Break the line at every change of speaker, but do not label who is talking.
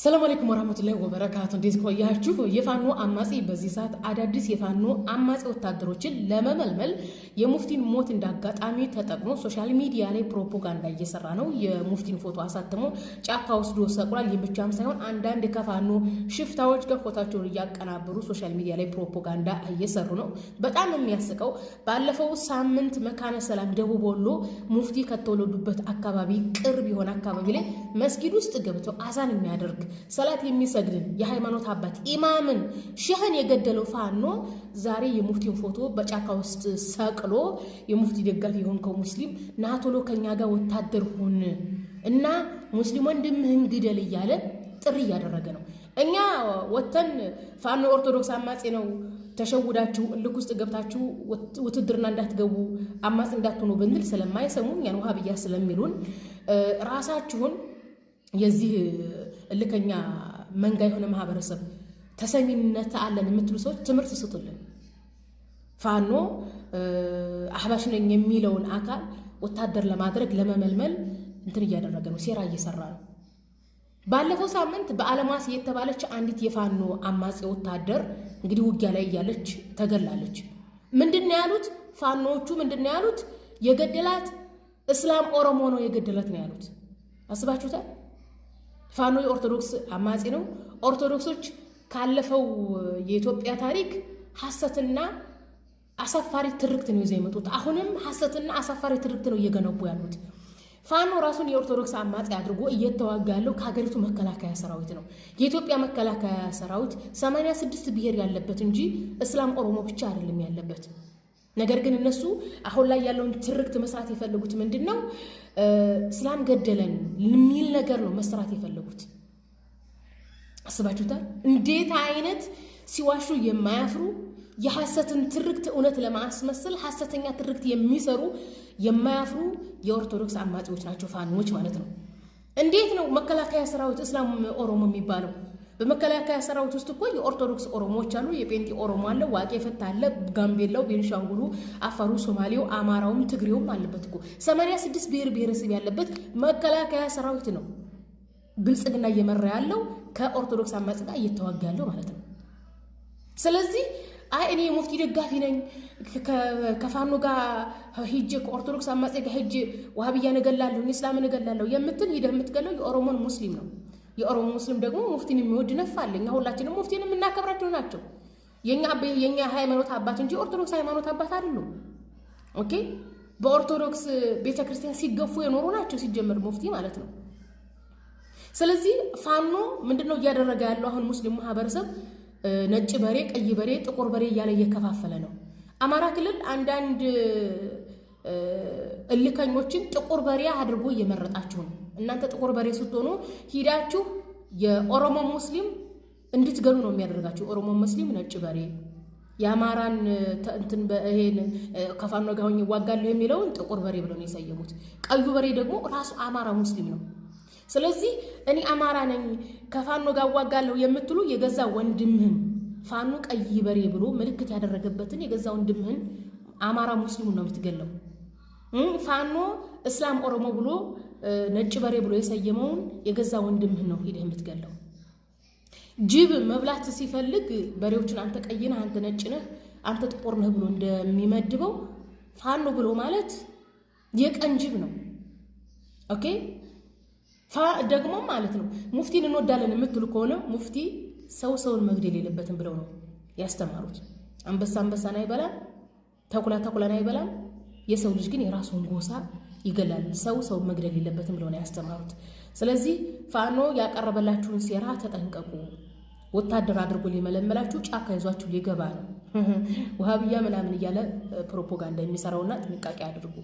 ሰላም አለይኩም ወራህመቱላሂ ወበረካቱ። እንዴት ቆያችሁ? የፋኖ አማጺ በዚህ ሰዓት አዳዲስ የፋኖ አማጺ ወታደሮችን ለመመልመል የሙፍቲን ሞት እንዳጋጣሚ ተጠቅሞ ሶሻል ሚዲያ ላይ ፕሮፓጋንዳ እየሰራ ነው። የሙፍቲን ፎቶ አሳትሞ ጫካ ወስዶ ሰቅሏል። ይህ ብቻም ሳይሆን አንዳንድ ከፋኖ ሽፍታዎች ጋር ፎታቸውን እያቀናበሩ ሶሻል ሚዲያ ላይ ፕሮፓጋንዳ እየሰሩ ነው። በጣም የሚያስቀው ባለፈው ሳምንት መካነ ሰላም ደቡብ ወሎ ሙፍቲ ከተወለዱበት አካባቢ ቅርብ የሆነ አካባቢ ላይ መስጊድ ውስጥ ገብተው አዛን የሚያደርግ ሰላት የሚሰግድን የሃይማኖት አባት ኢማምን ሸህን የገደለው ፋኖ ዛሬ የሙፍቲን ፎቶ በጫካ ውስጥ ሰቅሎ የሙፍቲ ደጋፊ የሆንከው ሙስሊም ናቶሎ ከኛ ጋር ወታደር ሁን እና ሙስሊም ወንድምህን ግደል እያለ ጥሪ እያደረገ ነው። እኛ ወተን ፋኖ ኦርቶዶክስ አማጼ ነው ተሸውዳችሁ እልክ ውስጥ ገብታችሁ ውትድርና እንዳትገቡ አማጽ እንዳትሆኑ ብንል ስለማይሰሙ እኛን ውሃ ብያ ስለሚሉን ራሳችሁን የዚህ እልከኛ መንጋ የሆነ ማህበረሰብ ተሰሚነት አለን የምትሉ ሰዎች ትምህርት ስጡልን። ፋኖ አህባሽ ነኝ የሚለውን አካል ወታደር ለማድረግ ለመመልመል እንትን እያደረገ ነው፣ ሴራ እየሰራ ነው። ባለፈው ሳምንት በአለማስ የተባለች አንዲት የፋኖ አማጺ ወታደር እንግዲህ ውጊያ ላይ እያለች ተገላለች። ምንድን ያሉት ፋኖዎቹ? ምንድን ነው ያሉት? የገደላት እስላም ኦሮሞ ነው የገደላት ነው ያሉት። አስባችሁታል? ፋኖ የኦርቶዶክስ አማጺ ነው። ኦርቶዶክሶች ካለፈው የኢትዮጵያ ታሪክ ሐሰትና አሳፋሪ ትርክት ነው ይዘው የመጡት። አሁንም ሐሰትና አሳፋሪ ትርክት ነው እየገነቡ ያሉት። ፋኖ ራሱን የኦርቶዶክስ አማጺ አድርጎ እየተዋጋ ያለው ከሀገሪቱ መከላከያ ሰራዊት ነው። የኢትዮጵያ መከላከያ ሰራዊት 86 ብሔር ያለበት እንጂ እስላም ኦሮሞ ብቻ አይደለም ያለበት። ነገር ግን እነሱ አሁን ላይ ያለውን ትርክት መስራት የፈለጉት ምንድን ነው? እስላም ገደለን የሚል ነገር ነው መስራት የፈለጉት። አስባችሁታል? እንዴት አይነት ሲዋሹ የማያፍሩ የሐሰትን ትርክት እውነት ለማስመሰል ሐሰተኛ ትርክት የሚሰሩ የማያፍሩ የኦርቶዶክስ አማጺዎች ናቸው፣ ፋኖች ማለት ነው። እንዴት ነው መከላከያ ሰራዊት እስላም ኦሮሞ የሚባለው? በመከላከያ ሰራዊት ውስጥ እኮ የኦርቶዶክስ ኦሮሞዎች አሉ፣ የጴንጤ ኦሮሞ አለ፣ ዋቄ ፈታ አለ፣ ጋምቤላው፣ ቤንሻንጉሉ፣ አፋሩ፣ ሶማሌው፣ አማራውም ትግሬውም አለበት እኮ። 86 ብሔር ብሔረሰብ ያለበት መከላከያ ሰራዊት ነው ብልጽግና እየመራ ያለው ከኦርቶዶክስ አማጽ ጋር እየተዋጋ ያለው ማለት ነው። ስለዚህ አይ እኔ የሙፍቲ ደጋፊ ነኝ ከፋኖ ጋር ሂጄ ከኦርቶዶክስ አማጽ ጋር ሂጄ ዋህብያ ነገላለሁ፣ እኔ እስላምን እገላለሁ የምትል ሂደህ የምትገለው የኦሮሞን ሙስሊም ነው። የኦሮሞ ሙስሊም ደግሞ ሙፍቲን የሚወድ ነፍ አለ። እኛ ሁላችንም ሙፍቲን የምናከብራቸው ናቸው። የኛ የኛ ሃይማኖት አባት እንጂ ኦርቶዶክስ ሃይማኖት አባት አይደሉም። ኦኬ በኦርቶዶክስ ቤተክርስቲያን ሲገፉ የኖሩ ናቸው ሲጀምር ሙፍቲ ማለት ነው። ስለዚህ ፋኖ ምንድነው እያደረገ ያለው? አሁን ሙስሊም ማህበረሰብ ነጭ በሬ፣ ቀይ በሬ፣ ጥቁር በሬ እያለ እየከፋፈለ ነው። አማራ ክልል አንዳንድ እልከኞችን ጥቁር በሬ አድርጎ እየመረጣቸው ነው። እናንተ ጥቁር በሬ ስትሆኑ ሂዳችሁ የኦሮሞ ሙስሊም እንድትገሉ ነው የሚያደርጋችሁ። ኦሮሞ ሙስሊም ነጭ በሬ የአማራን እንትን ይሄን ከፋኖ ጋር ሆኜ እዋጋለሁ የሚለውን ጥቁር በሬ ብለው ነው የሰየሙት። ቀዩ በሬ ደግሞ ራሱ አማራ ሙስሊም ነው። ስለዚህ እኔ አማራ ነኝ ከፋኖ ጋር እዋጋለሁ የምትሉ የገዛ ወንድምህን ፋኖ ቀይ በሬ ብሎ ምልክት ያደረገበትን የገዛ ወንድምህን አማራ ሙስሊሙን ነው የምትገለው። ፋኖ እስላም ኦሮሞ ብሎ ነጭ በሬ ብሎ የሰየመውን የገዛ ወንድምህን ነው ሂደህ የምትገለው። ጅብ መብላት ሲፈልግ በሬዎችን አንተ ቀይ ነህ፣ አንተ ነጭ ነህ፣ አንተ ጥቁር ነህ ብሎ እንደሚመድበው ፋኖ ብሎ ማለት የቀን ጅብ ነው። ኦኬ ደግሞ ማለት ነው ሙፍቲን እንወዳለን የምትሉ ከሆነ ሙፍቲ ሰው ሰውን መግደል የለበትም ብለው ነው ያስተማሩት። አንበሳ አንበሳን አይበላም፣ ተኩላ ተኩላን አይበላም። የሰው ልጅ ግን የራሱን ጎሳ ይገላል። ሰው ሰው መግደል የለበትም ብለው ነው ያስተማሩት። ስለዚህ ፋኖ ያቀረበላችሁን ሴራ ተጠንቀቁ። ወታደር አድርጎ ሊመለመላችሁ ጫካ ይዟችሁ ሊገባ ነው፣ ውሃብያ ምናምን እያለ ፕሮፓጋንዳ የሚሰራውና ጥንቃቄ አድርጉ።